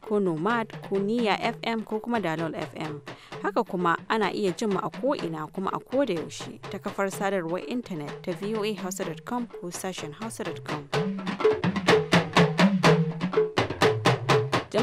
ko nomad ko niya fm ko kuma dalol fm haka kuma ana iya jin mu a ko'ina kuma a koda yaushe ta kafar sadarwar intanet ta voahausa.com ko sashen hausa.com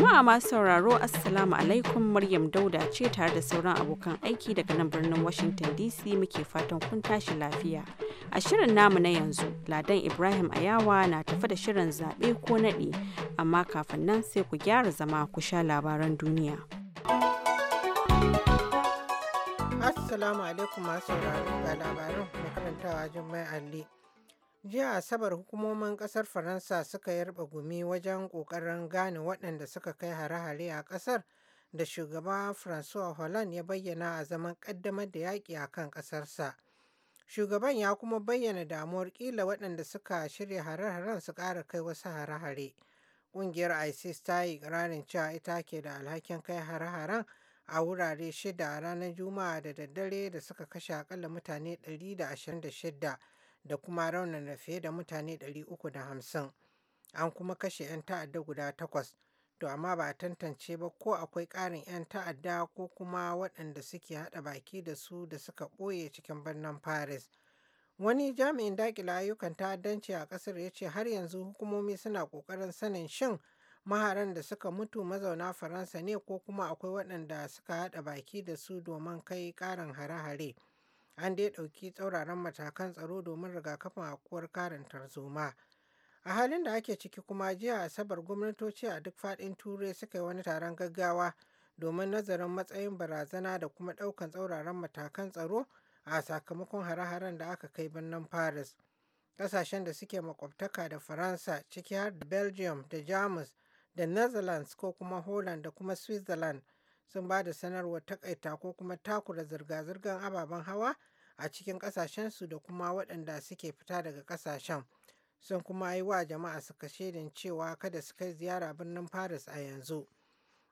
Jama'a masu sauraro Assalamu alaikum Maryam Dauda ce tare da sauran abokan aiki daga nan birnin Washington DC muke fatan kun tashi lafiya. A shirin namu na yanzu, Ladan Ibrahim Ayawa na tafi da shirin zaɓe ko naɗe, amma kafin nan sai ku gyara zama ku sha labaran duniya. Assalamu alaikum masu sauraro ga labaran makarantawa Jummai Ali. Jiya Asabar hukumomin ƙasar Faransa suka yarba gumi wajen kokarin gane waɗanda suka kai hare-hare a ƙasar da shugaba Francois Hollande ya bayyana a zaman ƙaddamar da yaƙi a kan ƙasarsa. Shugaban ya kuma bayyana damuwar ƙila waɗanda suka shirya hare-haren su ƙara kai wasu hare-hare. Ƙungiyar ISIS ta yi ƙirarin cewa ita ke da alhakin kai hare-haren a wurare shida a ranar Juma'a da daddare da suka kashe akalla mutane 126 da kuma raunana fiye da mutane 350 an kuma kashe 'yan ta'adda guda takwas to amma ba a tantance ba ko akwai ƙarin 'yan ta'adda ko kuma waɗanda suke haɗa baki da su da suka ɓoye cikin birnin paris wani jami'in daƙila ayyukan ta'addanci a ƙasar ya ce har yanzu hukumomi suna ƙoƙarin sanin shin maharan da suka mutu mazauna faransa ne ko kuma akwai waɗanda suka haɗa baki da su domin kai ƙarin hare-hare. an dai ɗauki tsauraran matakan tsaro domin rigakafin hakuwar karin tarzoma. A halin da ake ciki kuma jiya Asabar gwamnatoci a duk faɗin Turai suka yi wani taron gaggawa domin nazarin matsayin barazana da kuma ɗaukan tsauraran matakan tsaro a sakamakon hare-haren da aka kai birnin Paris. Ƙasashen da suke makwabtaka da Faransa ciki har da Belgium da Jamus da Netherlands ko kuma Holland da kuma Switzerland sun ba da sanarwar takaita ko kuma takura zirga-zirgar ababen hawa a cikin ƙasashensu da kuma waɗanda suke fita daga ƙasashen sun kuma yi wa jama'a suka shaidin cewa kada su kai ziyara birnin paris a yanzu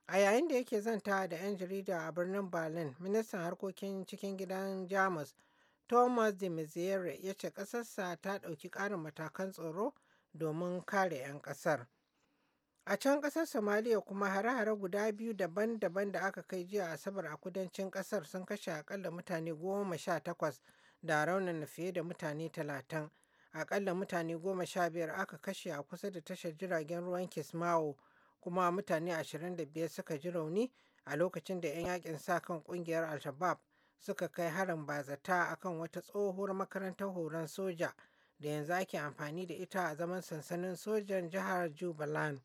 a yayin da yake zanta da 'yan jarida a birnin berlin ministan harkokin cikin gidan jamus thomas de maizière ya ce ƙasarsa ta ɗauki ƙarin matakan tsoro domin kare 'yan ƙasar A can ƙasar Somaliya kuma hare-hare guda biyu daban-daban da aka kai jiya Asabar a kudancin ƙasar sun kashe akalla mutane goma sha takwas da raunana fiye da mutane talatin. Akalla mutane goma sha biyar aka kashe a kusa da tashar jiragen ruwan Kismawo, kuma mutane ashirin da biyar suka ji rauni a lokacin da 'yan yakin sa kan ƙungiyar Al-Shabaab suka kai harin bazata akan wata tsohuwar makarantar horon soja da yanzu ake amfani da ita a zaman sansanin sojan jihar Jubaland.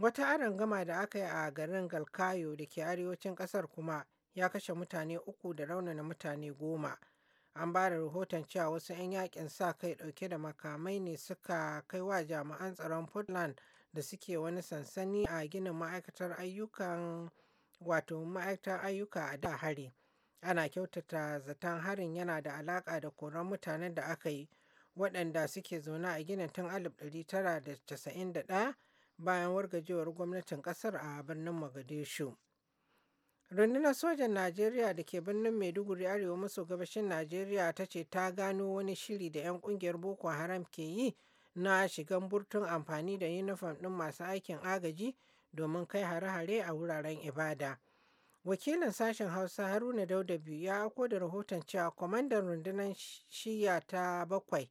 Wata gama da aka yi a garin Galkayo da ke arewacin Kasar kuma ya kashe mutane uku da raunana mutane goma. An ba da rahoton cewa wasu 'yan yakin sa kai dauke da makamai ne suka kai wa jami'an tsaron Portland da suke wani sansani a ginin ma'aikatar ayyukan wato ma'aikatar ayyuka a da hari. Ana kyautata zaton harin yana da alaka da koran mutanen da aka yi waɗanda suke zaune a ginin tun 1991 bayan wargajewar gwamnatin kasar a birnin Magadishu. Rundunar sojan Najeriya da ke birnin Maiduguri arewa maso gabashin Najeriya ta ce ta gano wani shiri da 'yan kungiyar Boko Haram ke yi na shigan burtun amfani da yunifom ɗin masu aikin agaji domin kai hare-hare a wuraren ibada. Wakilin sashen Hausa Haruna Daudabi ya ako da rahoton cewa kwamandan rundunar shiya ta bakwai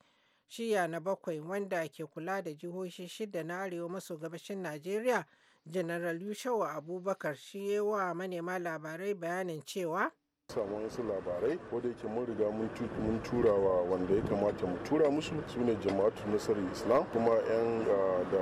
shiya na bakwai wanda ke kula da jihohi shida na arewa maso gabashin Najeriya, General Yushawa Abubakar shi wa manema labarai bayanin cewa samu wasu labarai wadda yake mun riga mun tura wa wanda ya kamata mu tura musu su ne jama'atu nasarar islam kuma yan ah, da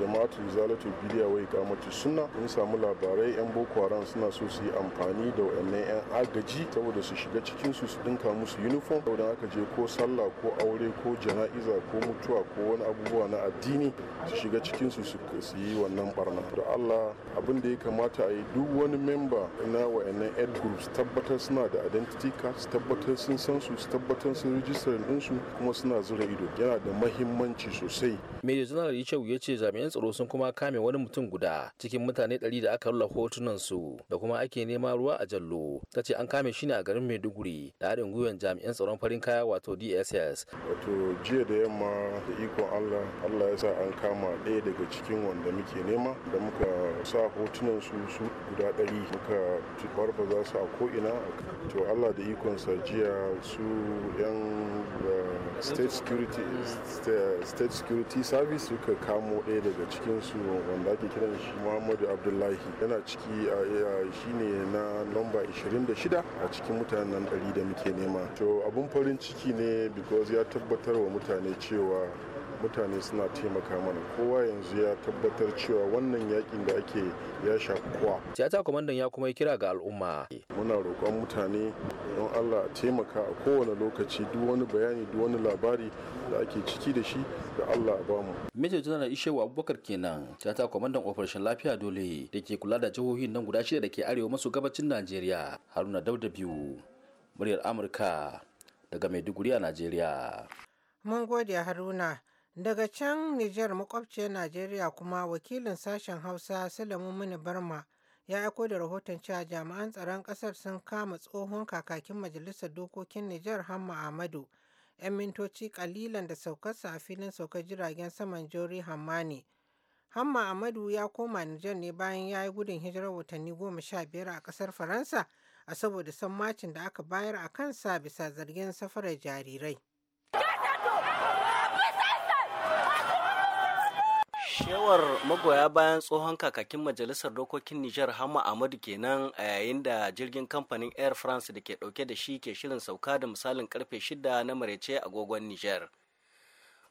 jama'atu zalatu Biliya wai kamata suna mun samu labarai yan boko haram suna so su yi amfani da wa'annan yan agaji saboda su shiga cikin su su dinka musu uniform saboda aka je ko sallah ko aure ko jana'iza ko mutuwa ko wani abubuwa na addini su shiga cikin su su yi wannan barna da Allah abin da ya kamata a yi duk wani memba na wa'annan ed groups tabbatar suna da identity card su tabbatar sun san su tabbatar sun rijistar ɗinsu kuma suna zura ido yana da mahimmanci sosai. mai General Yichau ya ce jami'an tsaro sun kuma kame wani mutum guda cikin mutane 100 da aka rula hotunan su da kuma ake nema ruwa a jallo ta ce an kame shi ne a garin Maiduguri da haɗin gwiwar jami'an tsaron farin kaya wato DSS. Wato jiya da yamma da ikon Allah Allah ya sa an kama ɗaya daga cikin wanda muke nema da muka sa hotunan su su guda ɗari muka barbaza su a ko'ina to allah da ikonsa jiya su yan eh, state security state security service suka kamo ɗaya daga cikinsu wanda ake kiran shi muhammadu abdullahi yana ciki a ne na lamba 26 a cikin mutanen nan 100 da muke nema to abun farin ciki ne because ya tabbatar wa mutane cewa mutane suna taimaka mana kowa yanzu ya tabbatar cewa wannan yakin da ake ya shafi kowa tiyata kwamandan ya kuma yi kira ga al'umma muna roƙon mutane don allah taimaka a kowane lokaci duk wani bayani duk wani labari da ake ciki da shi da allah ba mu major general ishewa abubakar kenan tiyata kwamandan operation lafiya dole da ke kula da jihohin nan guda shida da ke arewa maso gabacin najeriya haruna dauda biyu muryar amurka daga maiduguri a najeriya mun gode haruna Daga can Nijar makwabciyar Najeriya kuma wakilin sashen Hausa Salamu Muni Barma ya aiko da rahoton cewa jami'an tsaron ƙasar sun kama tsohon kakakin majalisar dokokin Nijar Hamma Amadu, 'yan mintoci kalilan da saukarsa a filin saukar jiragen saman Jori Hammani. Hamma Amadu ya koma Nijar ne bayan ya yi gudun hijirar watanni goma sha biyar a ƙasar Faransa a saboda sammacin da aka bayar a kansa bisa zargin safarar jarirai. Shewar magoya bayan tsohon kakakin majalisar dokokin Nijar Hama Ahmadu kenan a yayin da jirgin kamfanin Air France da ke dauke da shi ke shirin sauka da misalin karfe 6 na marece agogon Nijar.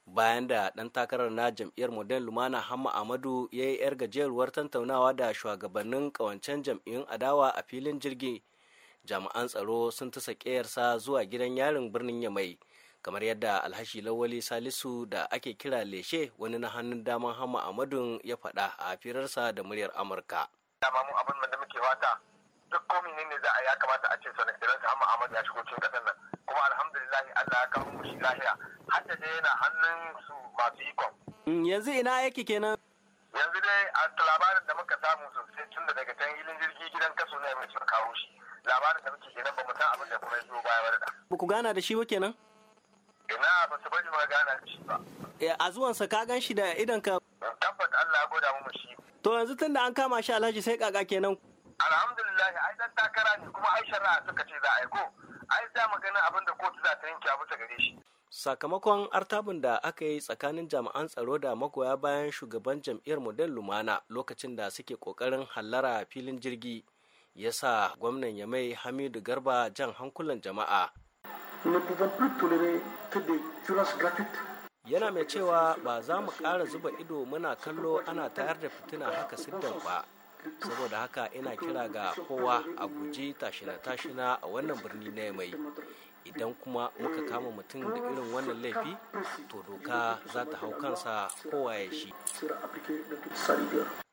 Bayan da ɗan takarar na jam'iyyar Modern Lumana Hama Ahmadu ya yi 'yar gajeruwar tantaunawa da shugabannin kawancen jam'iyyun adawa a filin jirgi, jami'an tsaro sun ta sa zuwa gidan yarin birnin Yamai. kamar yadda alhashi lawali salisu da ake kira leshe wani na hannun daman hama amadun ya faɗa a firarsa da muryar amurka dama mu abin da muke fata duk komi ne ne za a ya kamata a ce sana kiran sa hama amadu ya shigo cikin ƙasar nan kuma alhamdulillah allah ya kawo mu shi lahiya hatta dai yana hannun su masu ikon mm, yanzu ina yake kenan yanzu dai a labarin da muka samu sosai tun da daga can hilin jirgi gidan kaso ne mai kawo shi labarin da muke kenan ba mu san abin da kuma ya zo baya ba da ku gana da shi wa kenan ina ba su bari ma shi ba eh, a zuwansa ka gan shi da idan ka tabbat Allah ya goda mu shi to yanzu tunda an kama shi Alhaji sai kaka kenan alhamdulillah ai dan takara ne kuma ai shari'a suka ce za a yi ko ai za magana abin da kotu za ta yanke a gare shi sakamakon artabin da aka yi tsakanin jami'an tsaro da magoya bayan shugaban jam'iyyar model lumana lokacin da suke kokarin hallara filin jirgi ya sa gwamnan ya mai hamidu garba jan hankulan jama'a Yana mai cewa ba za mu ƙara zuba ido muna kallo ana tayar da fitina haka siddan ba. Saboda haka ina kira ga kowa a guji tashina-tashina a wannan birni na mai. Idan kuma muka kama mutum da irin wannan laifi, to doka za ta hau kansa kowa ya shi.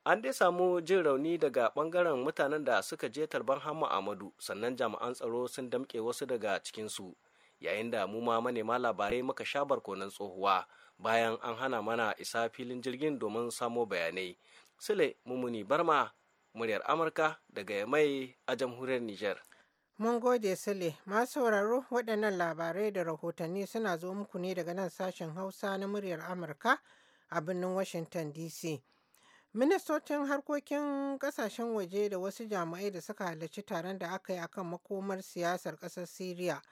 an dai samu jin rauni daga bangaren mutanen da suka je tarban hama amadu sannan jami'an tsaro sun damke wasu daga cikinsu yayin da mu ma manema labarai muka sha barkonan tsohuwa bayan an hana mana isa filin jirgin domin samo bayanai sule mumuni barma muryar amurka daga mai a jamhuriyar niger mun gode sule masu sauraro waɗannan labarai da rahotanni suna zo muku ne daga nan sashen hausa na muryar amurka a birnin washington dc ministocin harkokin kasashen waje da wasu jami'ai da suka halarci taron da aka yi akan makomar siyasar ƙasar syria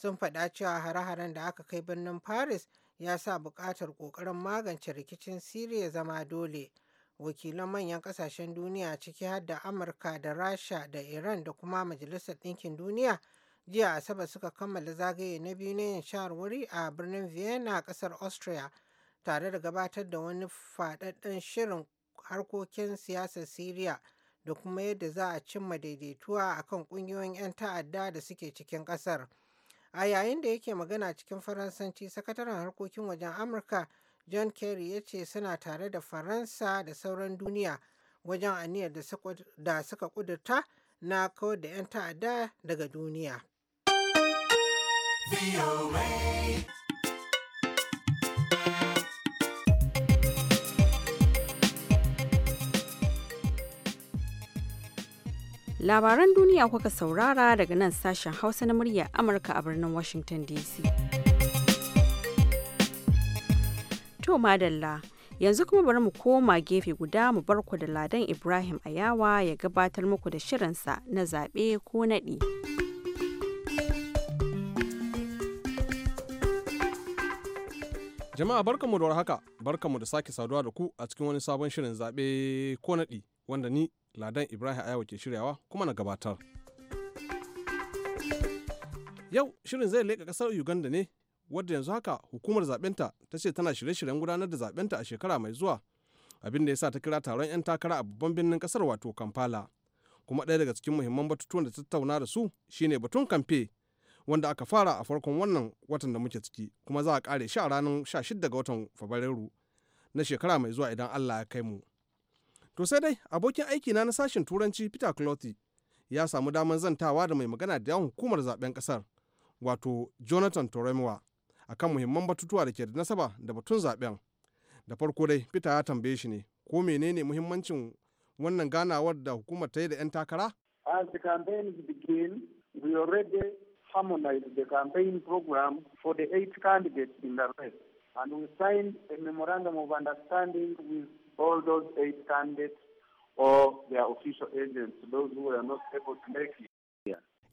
sun faɗa cewa hare-haren da aka kai birnin paris ya sa buƙatar ƙoƙarin magance rikicin siriya zama dole wakilan manyan ƙasashen duniya ciki har da amurka da rasha da iran da kuma majalisar ɗinkin duniya jiya asabar suka kammala zagaye na biyu na yin shawarwari a birnin vienna ƙasar austria tare da gabatar da wani faɗaɗɗen shirin harkokin siyasar siriya da kuma yadda za a cimma daidaituwa akan ƙungiyoyin 'yan ta'adda da suke cikin ƙasar. A yayin da yake magana cikin Faransanci, sakataren harkokin wajen Amurka John Kerry ya ce suna tare da Faransa da sauran duniya wajen aniyar da suka kudurta na kawar da 'yan ta'adda daga duniya. Labaran duniya kuka saurara daga nan sashen Hausa na muryar Amurka a birnin Washington DC. To madalla, yanzu kuma bari mu koma gefe guda mu bar ku da Ladan Ibrahim Ayawa ya gabatar muku da shirinsa na zaɓe ko naɗi. Jama'a barkanmu da warhaka, barkanmu da sake saduwa da ku a cikin wani sabon shirin zaɓe ko naɗi wanda ni Ladan Ibrahim Ayawa ke shiryawa kuma na gabatar. Yau shirin zai leka kasar Uganda ne wadda yanzu haka hukumar zaɓenta ta ce tana shirye-shiryen gudanar da zabenta a shekara mai zuwa abin da ya sa ta kira taron 'yan takara a babban birnin kasar wato Kampala. Kuma ɗaya daga cikin muhimman batutuwan da tattauna da su shine batun kamfe wanda aka fara a farkon wannan watan da muke ciki kuma za a kare shi a ranar 16 ga watan Fabrairu na shekara mai zuwa idan Allah ya kai mu. To sai dai abokin aikina na sashen turanci Peter Clothy ya samu damar zantawa da mai magana da yawan hukumar zaben kasar wato Jonathan Toremwa kan muhimman batutuwa da ke da nasaba da batun zaben. Da farko dai Peter ya tambaye shi ne ko menene muhimmancin wannan ganawar da hukumar ta yi da 'yan takara? As the campaign begin, we already harmonized the campaign program for the eight candidates in the race. And we signed a memorandum of understanding with all those eight candidates or their official agents, those who were not able to make it.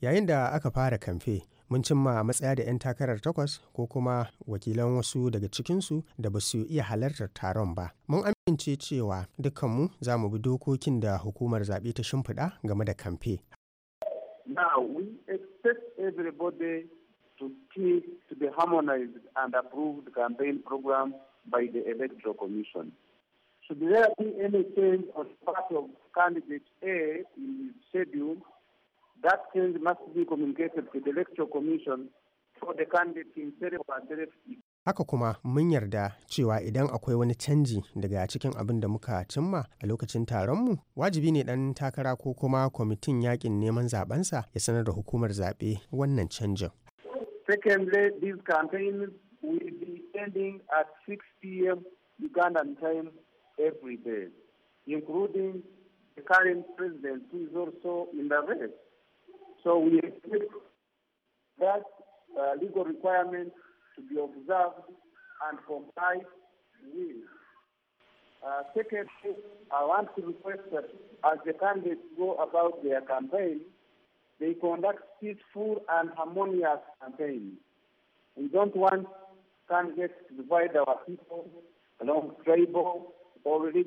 Yayin da aka fara kamfe, mun cimma a matsaya da 'yan takarar takwas ko kuma wakilan wasu daga cikinsu da ba su iya halartar taron ba. Mun amince cewa dukkanmu za mu bi dokokin da hukumar zaɓe ta shimfiɗa game da kamfe. Now we expect everybody to keep to harmonized and approved campaign program by the Electoral Commission. Should there be any change on the part of candidate A in the schedule, that change must be communicated to the Electoral Commission for the candidate himself and Haka kuma mun yarda cewa idan akwai wani canji daga cikin abin da muka cimma a lokacin taronmu, wajibi ne dan takara ko kuma kwamitin yakin neman zabensa ya sanar da hukumar zaɓe wannan canjin. Secondly, this campaign will be ending at 6 p.m. Ugandan time every day, including the current president who is also in the race. So we expect that uh, legal requirement to be observed and complied with. Uh, secondly, I want to request that as the candidates go about their campaign, they conduct peaceful and harmonious campaigns. We don't want candidates to divide our people along tribal already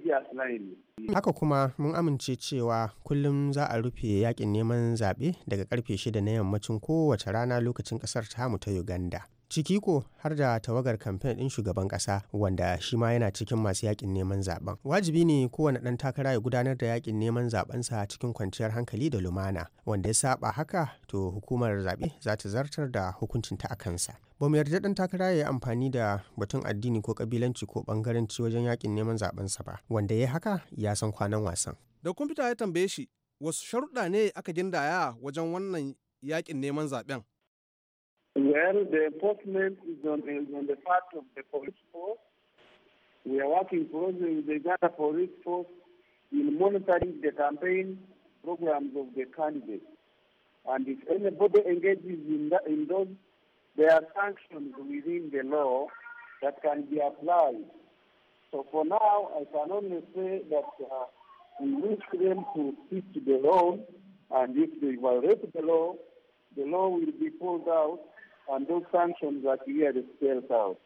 Haka kuma mun amince cewa kullum za a rufe yakin neman zaɓe daga ƙarfe shida na yammacin kowace rana lokacin ƙasar tamu ta Uganda. ciki ko har da tawagar kamfen ɗin shugaban ƙasa wanda shi ma yana cikin masu yakin neman zaben wajibi ne kowane ɗan takara ya gudanar da yakin neman zaɓensa cikin kwanciyar hankali da lumana wanda ya saba haka to hukumar zaɓe za ta zartar da ta a kansa ba mu yarda ɗan takara ya yi amfani da batun addini ko kabilanci ko bangaranci wajen yakin neman zaɓensa ba wanda ya haka ya san kwanan wasan da kwamfuta ya tambaye shi wasu sharuɗa ne aka gindaya wajen wannan yakin neman zaben Well, the enforcement is on, is on the part of the police force. We are working closely with the Ghana police force in monitoring the campaign programs of the candidates. And if anybody engages in, that, in those, there are sanctions within the law that can be applied. So for now, I can only say that uh, we wish them to stick to the law, and if they violate the law, the law will be pulled out and those sanctions that out.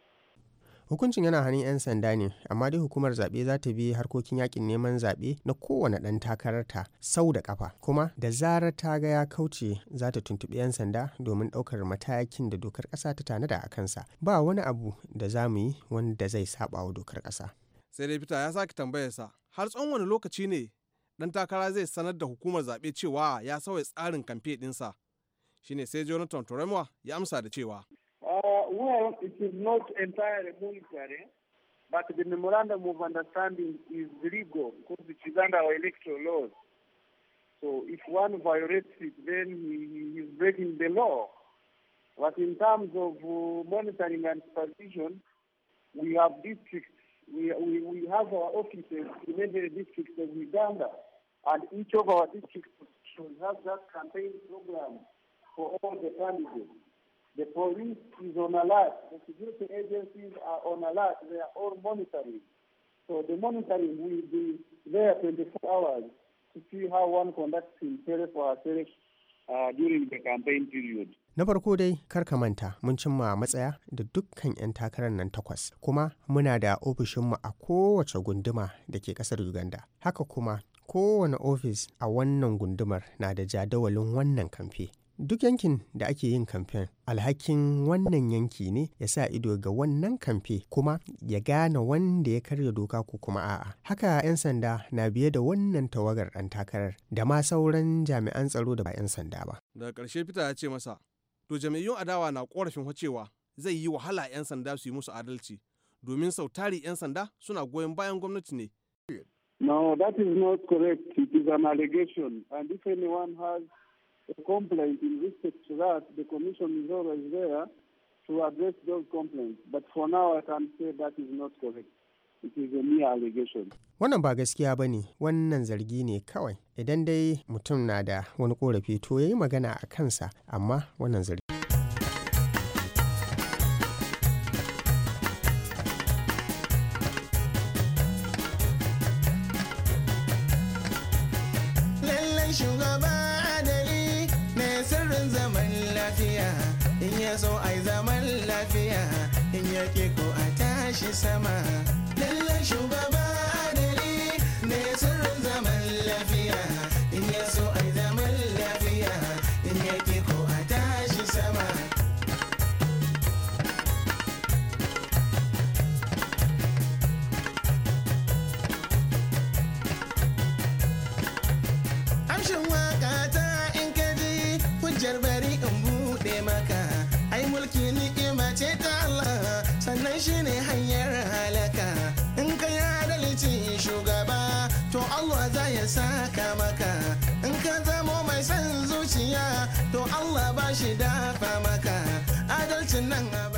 Hukuncin yana hannun 'yan sanda ne, amma dai hukumar zaɓe za ta bi harkokin yakin neman zaɓe na kowane ɗan takararta sau da ƙafa. Kuma da zarar ta ga ya kauce za ta tuntuɓi 'yan sanda domin ɗaukar matakin da dokar ƙasa ta tanada a kansa. Ba wani abu da za mu yi wanda zai saɓa wa dokar ƙasa. Sai dai fita ya sake tambayarsa, har tsawon wani lokaci ne ɗan takara zai sanar da hukumar zaɓe cewa ya sauya tsarin kamfe ɗinsa? shine sai jonathan toremwa ya amsa da cewa Uh, well, it is not entirely monetary, but the memorandum of understanding is legal because it is under our electoral laws. So if one violates it, then he, is breaking the law. But in terms of uh, monitoring and supervision, we have districts, we, we, we have our offices in every district of Uganda, and each of our districts should have that campaign program for all the families. The police is on alert. The security agencies are on alert. They are all monitoring. So the monitoring will be there 24 hours to see how one conducts himself or herself uh, during the campaign period. Na farko dai karka manta mun cimma matsaya da dukkan 'yan takarar nan takwas kuma muna da ofishinmu a kowace gunduma da ke kasar Uganda. Haka kuma kowane ofis a wannan gundumar na da jadawalin wannan kamfe duk yankin da ake yin kamfen alhakin wannan yanki ne ya sa ido ga wannan kamfe kuma ya gane wanda ya karya doka ko kuma a'a haka 'yan sanda na biye da wannan tawagar ɗan takarar da ma sauran jami'an tsaro da ba 'yan sanda ba daga ƙarshe fita ya ce masa to jami'un adawa na ƙorafin cewa zai yi wahala 'yan sanda su yi musu adalci domin sau tari 'yan sanda suna goyon bayan gwamnati ne No, that is not correct. It is an allegation. And if anyone has a complaint in respect to that, the commission is always there to address those complaints. But for now, I can say that is not correct. It is a mere allegation. Wannan ba gaskiya ba ne, wannan zargi ne kawai. Idan dai mutum na da wani korafi to ya yi magana a kansa, amma wannan zargi.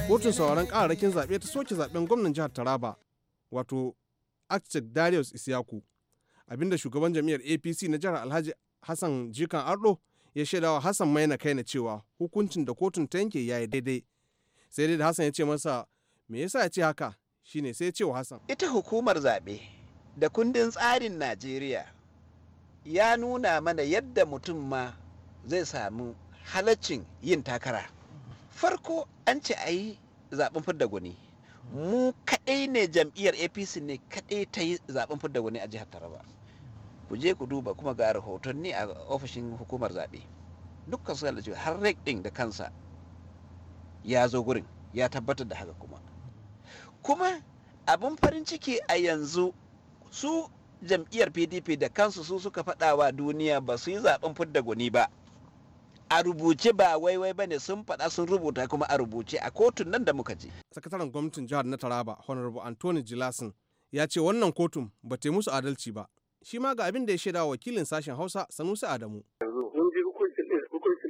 kotun sauraron kararrakin zaɓe ta soke zaɓen gwamnan jihar taraba wato architect darius isiyaku abinda shugaban jam'iyyar apc na jihar alhaji hassan jikan ardo ya wa hassan maina kaina cewa hukuncin da kotun ta yanke ya yi daidai sai dai da hassan ya ce masa me yasa ya ce haka shine sai ya ce wa hassan ita hukumar zaɓe da kundin tsarin najeriya ya nuna mana yadda mutum ma zai samu halaccin yin takara farko an ce a yi zaɓen fidda gwani mu kaɗai ne jam'iyyar apc ne kaɗai ta yi zaɓen fidda gwani a jihar taraba ku je ku duba kuma ga rahotanni a ofishin hukumar zaɓe dukkan su har rek ɗin da kansa ya zo gurin ya tabbatar da haka kuma kuma abin farin ciki a yanzu su jam'iyyar pdp da kansu su suka faɗawa duniya ba su yi zaɓen fidda gwani ba a rubuce ba waiwai ba ne sun faɗa sun rubuta kuma a rubuce a kotun nan da muka je. sakataren gwamnatin jihar na taraba honorable anthony jilasin ya ce wannan kotun ba ta yi musu adalci ba shi ma ga abin da ya shaida wakilin sashen hausa sanusi adamu.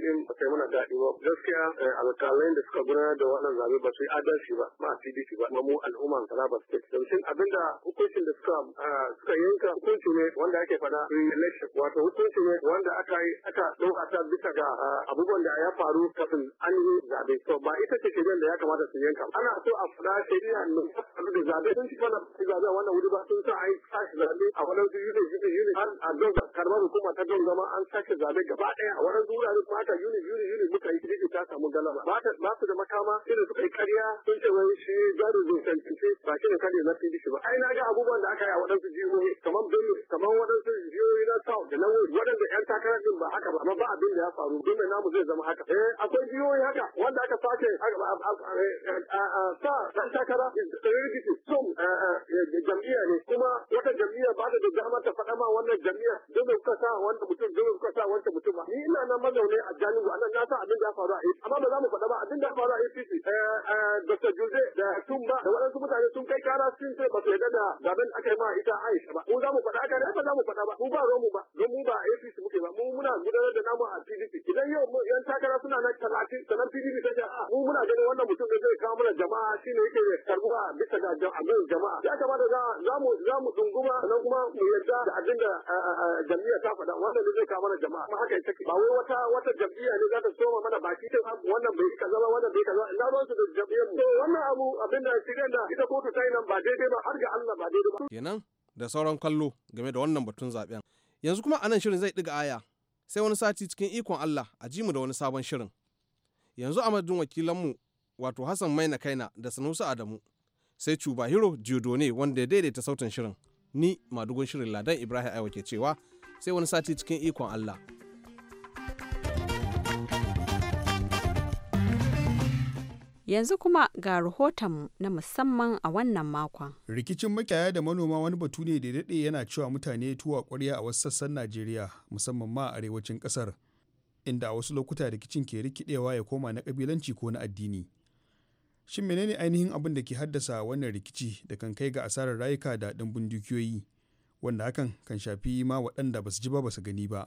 din ba ta mana daɗi ba gaskiya eh, alƙalai da suka gudanar da wannan zabe ba su yi adalci ba ma a pdp ba ma mu al'umman taraba state domin abinda hukuncin da suka eh, suka yanka hukunci ne wanda ake faɗa election wato hukunci ne wanda aka yi aka ɗauka ta bisa ga eh, abubuwan da ya faru kafin an yi zabe to ba ita ce shirya da ya kamata su yanka ana so a faɗa shari'a ne da zabe sun ci wannan zabe wannan wuri ba sun sa a yi sashi zabe a wani yuni yuni har a don karbar hukuma ta don zama an sake zabe gaba ɗaya a wani wurare kuma haka yuni yuni yuni muka yi kirki ta samu galaba ba su da makama sai da suka yi ƙarya sun ce wai shi gado zai tantance ba shi ne kare na PDP ba ai na ga abubuwan da aka yi a waɗansu jihohi kamar Bello kamar waɗansu jihohi na South da na West waɗanda ƴan takarar din ba haka ba amma ba abin da ya faru don mai namu zai zama haka eh akwai jihohi haka wanda aka sake ba a sa ɗan takara is heredity eh, some eh, eh, jam'iyya ne kuma wata jam'iyya ba da dama ta faɗa ma wannan jam'iyyar dole kuka sa wanda mutum dole kuka sa wanda mutum ba ni ina nan mazaune a Galibu anan na san abin da ya faru a APC amma ba za mu faɗa ba abin da ya faru a APC eh, eh, Dr. jude da Tumba da waɗansu mutane sun kai kara sun ce ba su yarda da zaben aka yi ma ita a ba mu za mu faɗa haka ne ba za mu faɗa ba mu ba romu ba don mu ba APC muke ba mu muna gudanar da namu a PDP idan yau yan takara suna nan talatin sanan PDP ta ce a ah, mu muna ganin wannan mutum da zai kawo mana jama'a shine yake karbuwa bisa ga abin jama'a ya kamata za mu za mu dunguma sannan kuma mu yarda da abin da eh, jami'a ta faɗa wannan zai kawo mana jama'a kuma haka ba wai wata wata jam'iyya ne za ta soma mana baki ta wannan bai kaza ba wannan bai kaza ina ruwan su da mu wannan abu abin da da ita kotu ta nan ba daidai ba har ga Allah ba daidai ba kenan da sauran kallo game da wannan batun zaben yanzu kuma anan shirin zai ɗiga aya sai wani sati cikin ikon Allah a ji mu da wani sabon shirin yanzu a madadin wakilanmu wato Hassan Maina Kaina da Sanusi Adamu sai Cuba Hiro ne wanda ya daidaita sautin shirin ni madugun shirin Ladan Ibrahim Aiwa ke cewa sai wani sati cikin ikon Allah Yanzu kuma ga rahoton na musamman a wannan makon. Rikicin makiyaya da manoma wani batu ne da daɗe yana cewa mutane tuwa ƙwarya a wasu sassan Najeriya musamman ma a arewacin ƙasar inda a wasu lokuta rikicin ke rikidewa ya koma na ƙabilanci ko na addini. Shin menene ainihin abin da ke haddasa wannan rikici da kan kai ga asarar rayuka da ɗimbin dukiyoyi wanda hakan kan shafi ma waɗanda ba su ji ba ba su gani ba.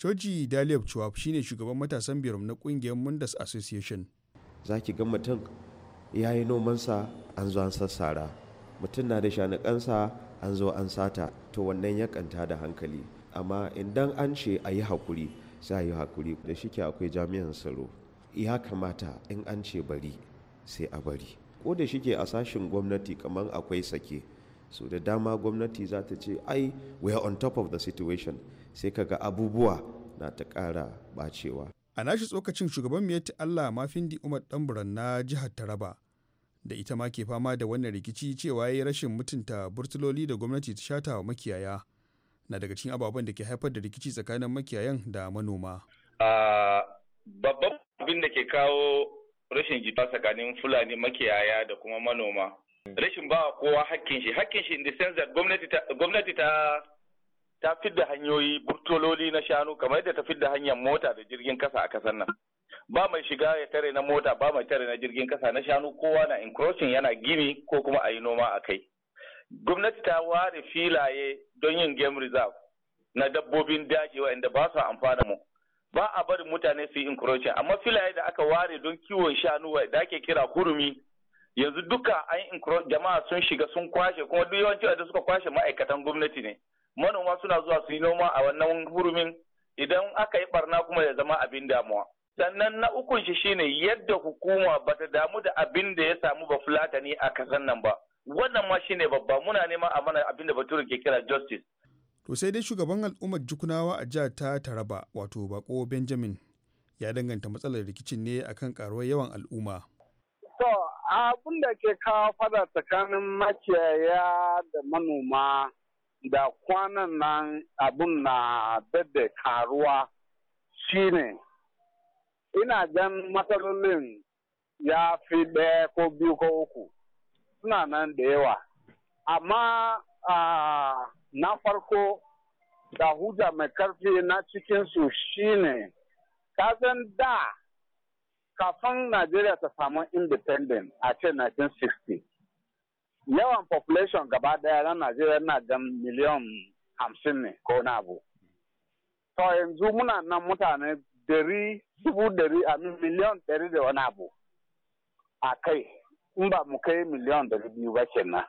Coci Daliab shi shine shugaban matasan biyar na ƙungiyar Mundas Association. za ki ga mutum ya yi nomansa an zo an sassara mutum na da shanukansa an zo an sata to wannan ya kanta da hankali amma idan an ce a yi hakuri za a yi hakuri da shike akwai jami'an tsaro ya kamata in an ce bari sai a bari ko da shike a sashen gwamnati kamar akwai sake so da dama gwamnati za ta ce ai we are on top of the situation sai kaga abubuwa na ta ƙara bacewa a nashi tsokacin shugaban miyatti allah mafindi umar ɗanburan na jihar taraba da ita ma ke fama da wannan rikici cewa ya yi rashin mutunta burtuloli da gwamnati ta shata wa makiyaya na daga cikin ababen da ke haifar da rikici tsakanin makiyayan da manoma. babban abin da ke kawo rashin jita tsakanin fulani makiyaya da kuma manoma rashin ba kowa hakkin shi hakkin shi in the sense that gwamnati ta ta fidda hanyoyi burtololi na shanu kamar da ta fidda hanyar mota da jirgin kasa a kasar nan ba mai shiga ya tare na mota ba mai tare na jirgin kasa na shanu kowa na encroaching yana gini ko kuma a yi noma a kai gwamnati ta ware filaye don yin game reserve na dabbobin daji inda ba su amfana mu ba a barin mutane su yi encroaching amma filaye da aka ware don kiwon shanu da ake kira kurumi yanzu duka an jama'a sun shiga sun kwashe kuma duk yawanci da suka kwashe ma'aikatan gwamnati ne manoma suna zuwa su yi noma a wannan hurumin idan aka yi barna kuma ya zama abin damuwa sannan na ukun shi shine yadda hukuma ba ta damu da abin da ya samu ba fulatani a kasan nan ba wannan ma shine babba muna neman a mana abin da bature ke kira justice to sai dai shugaban al'ummar jukunawa a jihar ta taraba wato bako benjamin ya danganta matsalar rikicin ne akan karuwar yawan al'umma to abin da ke kawo fada tsakanin makiyaya da manoma da kwanan nan abun na dade karuwa shine ina gan matsalolin ya fi ɗaya ko biyu ko uku suna nan da yawa amma na farko da hujja mai karfi na cikinsu shine kasan da kafin najeriya ta samu independent a ce 1960 yawan population gaba daya na Najeriya na da miliyan hamsin ne ko na abu. To yanzu muna nan mutane dari dubu dari a miliyan dari da wani abu a kai in ba mu kai miliyan dari biyu ba kenan.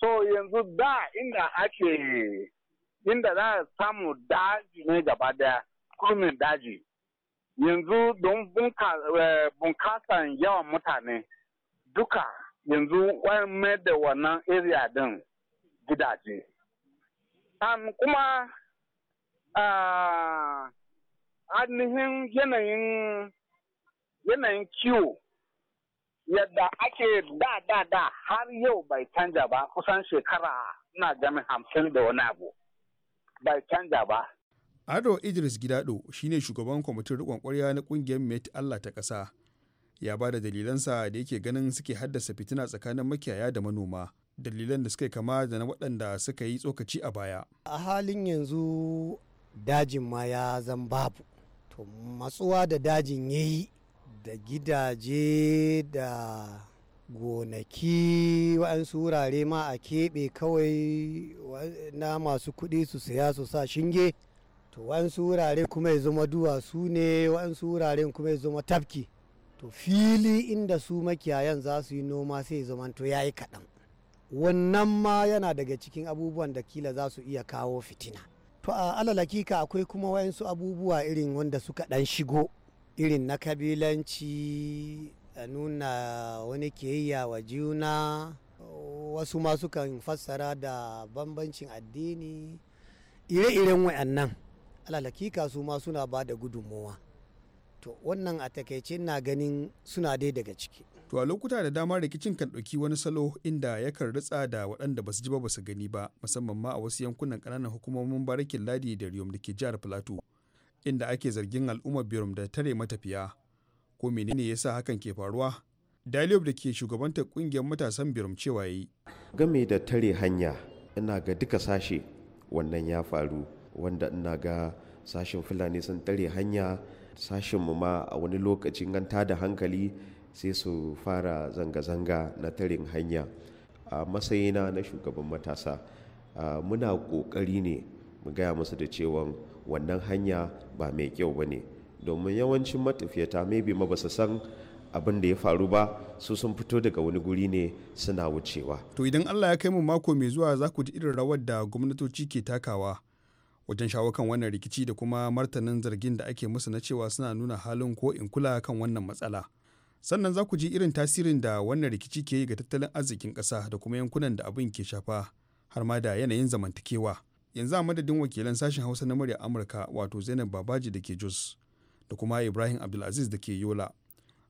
So yanzu da inda ake inda za a samu daji ne gaba daya kurmin daji yanzu don eh, bunkasan yawan mutane duka yanzu wayan mai da wannan area din gidaje. an kuma a ainihin yanayin yanayin kiwo yadda ake da da da har yau bai canja ba kusan shekara na gami hamsin da wani abu bai canja ba. Ado Idris Gidado shine shugaban kwamitin riƙon ƙwarya na ƙungiyar Met Allah ta ƙasa. ya ba da dalilansa da yake ganin suke haddasa fitina tsakanin makiyaya da manoma dalilan da suka kama da na waɗanda suka yi tsokaci a baya a halin yanzu dajin ma ya zan babu to matsuwa da dajin ya yi da gidaje da gonaki waɗansu wurare ma a keɓe kawai na masu kuɗi su saya su sa shinge to waɗansu wurare kuma ya zama duwatsu ne waɗansu wuraren kuma ya zama tafki to fili inda su makiyayan za su yi noma sai zamanto ya yi kaɗan wannan ma yana daga cikin abubuwan da kila za su iya kawo fitina to a alalakika akwai kuma wayansu abubuwa irin wanda suka ɗan shigo irin na kabilanci a nuna wani kiyayya wa juna wasu ma sukan fassara da bambancin addini ire-iren wayannan alalakika su ma suna ba da gudunmowa to wannan a takaice na ganin suna dai daga ciki to a lokuta da dama rikicin kan ɗauki wani salo inda yakan ritsa da waɗanda ba su ji ba su gani ba musamman ma a wasu yankunan ƙananan hukumomin barakin ladi da riyom da ke jihar plateau inda ake zargin al'ummar birom da tare matafiya ko menene yasa hakan ke faruwa dalib da ke shugabantar kungiyar matasan birom cewa yi game da tare hanya ina ga duka sashe wannan ya faru wanda ina ga sashen fulani sun tare hanya sashenmu ma a wani lokacin ganta da hankali sai su fara zanga-zanga na tarin hanya a matsayina na shugaban matasa muna ƙoƙari ne mu gaya musu da cewa wannan hanya ba mai kyau ba ne domin yawancin matafiyata maybe ma ba su san abin da ya faru ba su sun fito daga wani guri ne suna wucewa. To idan Allah ya kai mu mako mai zuwa za ku ji irin rawar da gwamnatoci ke takawa wajen shawo kan wannan rikici da kuma martanin zargin da ake musu na cewa suna nuna halin ko in kula kan wannan matsala sannan za ku ji irin tasirin da wannan rikici ke yi ga tattalin arzikin ƙasa da kuma yankunan da abin ke shafa har ma da yanayin zamantakewa yanzu a madadin wakilan sashen hausa na murya amurka wato zainab babaji da ke jos da kuma ibrahim abdulaziz da ke yola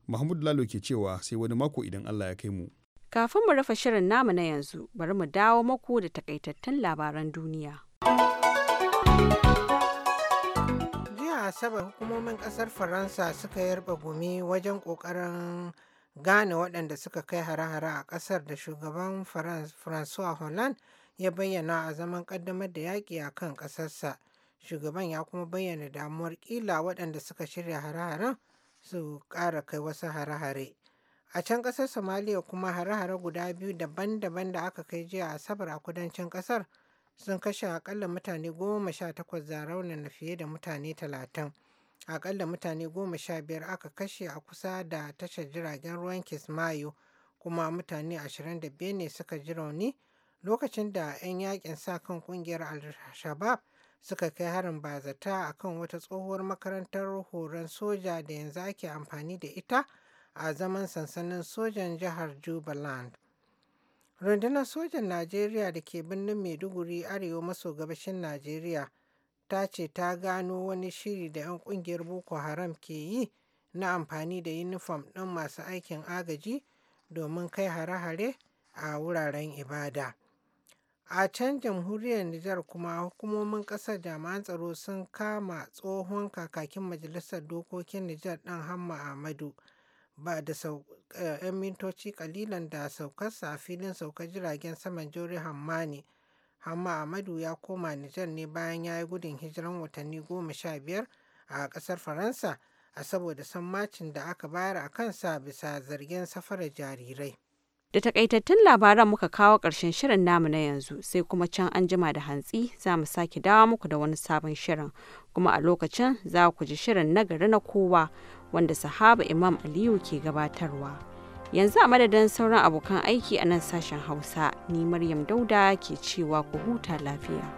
mahmud lalo ke cewa sai wani mako idan allah ya kai mu kafin mu rufe shirin namu na yanzu bari mu dawo maku da takaitattun labaran duniya asabar hukumomin kasar faransa suka yarba gumi wajen kokarin gane waɗanda suka kai hare-hare a ƙasar da shugaban francois holland ya bayyana a zaman ƙaddamar da yaƙi a kan ƙasarsa shugaban ya kuma bayyana damuwar ƙila waɗanda suka shirya hare-haren su ƙara kai wasu hare-hare a can ƙasar somaliya kuma hare-hare guda biyu daban-daban da aka kai jiya asabar a kudancin ƙasar sun kashe akalla mutane goma sha takwas da na fiye da mutane talatin. Akalla mutane goma sha biyar aka kashe a kusa da tashar jiragen ruwan Kismayo kuma mutane ashirin da biyar ne suka ji rauni lokacin da 'yan yakin sa kan kungiyar Al-Shabab suka kai harin bazata a kan wata tsohuwar makarantar horon soja da yanzu ake amfani da ita a zaman sansanin sojan jihar Jubaland. rundunar sojan najeriya da ke birnin maiduguri arewa maso gabashin najeriya ta ce ta gano wani shiri da 'yan kungiyar boko haram ke yi na amfani da yunifom ɗin masu aikin agaji domin kai hare-hare a wuraren ibada a can jamhuriyar nijar kuma hukumomin ƙasar jami'an tsaro sun kama tsohon kakakin majalisar dokokin nijar ɗin hamma ahmadu ba da ‘yan eh, mintoci kalilan da saukarsa a filin saukar jiragen saman Jori Hammani. Hamma Amadu ya koma Nijar ne bayan ya yi gudun hijiran watanni goma sha biyar a ƙasar Faransa a saboda sammacin da aka bayar a kansa bisa zargin safara jarirai. Da takaitattun labaran muka kawo ƙarshen shirin namu na yanzu sai kuma can an jima da hantsi za mu sake dawo muku da wani sabon shirin kuma a lokacin za ku ji shirin nagari na kowa wanda sahaba Imam Aliyu ke gabatarwa. Yanzu a madadin sauran abokan aiki a nan sashen Hausa, ni Maryam Dauda ke cewa ku huta lafiya.